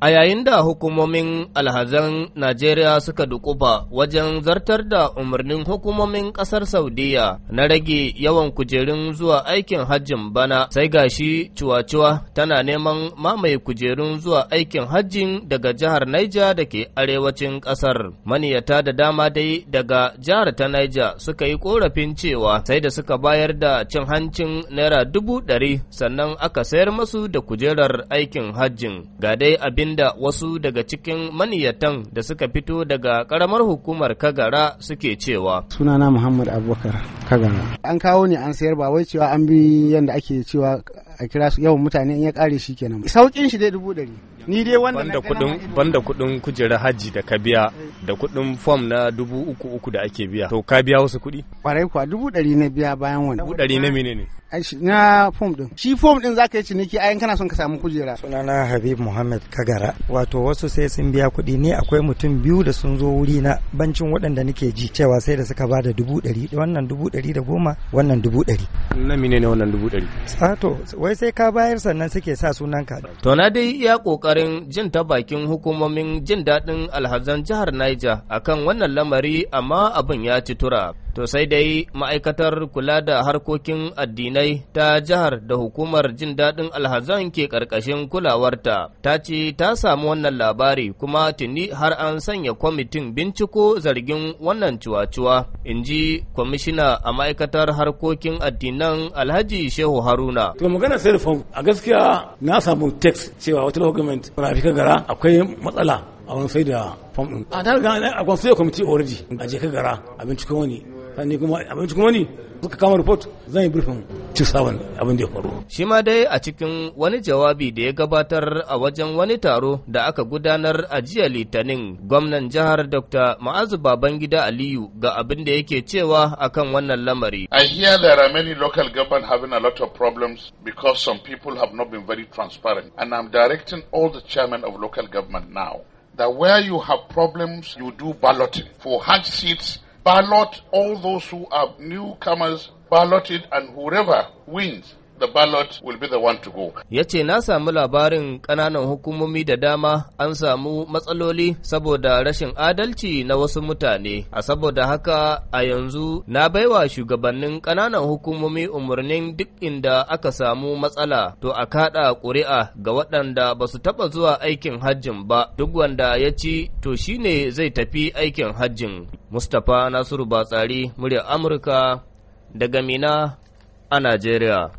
A yayin da hukumomin alhazan Najeriya suka dukuba wajen zartar da umarnin hukumomin ƙasar Saudiya na rage yawan kujerun zuwa aikin hajjin bana sai gashi cuwa-cuwa tana neman mamaye kujerun zuwa aikin hajjin daga jihar Naija da ke arewacin ƙasar. Maniyata da dama dai daga jihar ta Naija suka yi korafin cewa sai da suka bayar da cin hancin naira dubu ɗari sannan aka sayar masu da kujerar aikin hajjin. Ga dai abin inda wasu daga cikin maniyatan da suka fito daga karamar hukumar Kagara suke cewa. Sunana Muhammad Abubakar Kagara. An kawo ne an sayar ba wai cewa an bi yadda ake cewa a kira su yawan mutane in ya kare shi kenan. Saukin shi dai dubu ɗari. Ni dai wanda kudin kuɗin kujera haji da ka biya eh. da kuɗin fom na dubu uku uku da ake biya to ka biya wasu kuɗi kwarai kuwa dubu ɗari na biya bayan wani dubu ɗari na menene na fom din shi fom din ka yi ciniki ayan kana son ka samu kujera sunana habib muhammad kagara wato wasu sai sun biya kuɗi ne akwai mutum biyu da sun zo wuri na bancin waɗanda nake ji cewa sai da suka bada dubu ɗari wannan dubu ɗari da goma wannan dubu ɗari na menene wannan dubu ɗari Sato wai sai ka bayar sannan suke sa sunanka to na dai iya ƙoƙarin jin ta bakin hukumomin jin daɗin alhazan jihar Niger akan wannan lamari amma abin ya ci tura. To sai dai ma'aikatar kula da harkokin addinai ta jihar da hukumar jin daɗin alhazan ke ƙarƙashin kulawarta ta ce ta samu wannan labari kuma tuni har an sanya kwamitin binciko zargin wannan cuwa-cuwa in ji kwamishina a ma'aikatar harkokin addinan alhaji shehu haruna. To magana sai a gaskiya na samu text cewa wata government gara akwai matsala a wani sai da fom din a tare riga a kwansu ya kwamiti already a je ka gara abincin kuma wani sani kuma abinci kuma wani suka kama report zan yi briefing ci sabon abin da ya faru. shi ma dai a cikin wani jawabi da ya gabatar a wajen wani taro da aka gudanar a jiya litinin gwamnan jihar dr ma'azu babangida aliyu ga abin da yake cewa akan wannan lamari. i hear there are many local government having a lot of problems because some people have not been very transparent and i'm directing all the chairman of local government now that where you have problems, you do balloting. For hard seats, ballot all those who are newcomers, balloted, and whoever wins the ballot will be the one to go. Ya ce na samu labarin ƙananan hukumomi da dama an samu matsaloli saboda rashin adalci na wasu mutane. A saboda haka a yanzu na baiwa shugabannin ƙananan hukumomi umarnin duk inda aka samu matsala to a kaɗa ƙuri'a ga waɗanda ba su taɓa zuwa aikin hajjin ba duk wanda ya ci to shi ne zai tafi aikin hajjin. Mustapha Nasiru Batsari, muryar Amurka daga Mina a Najeriya.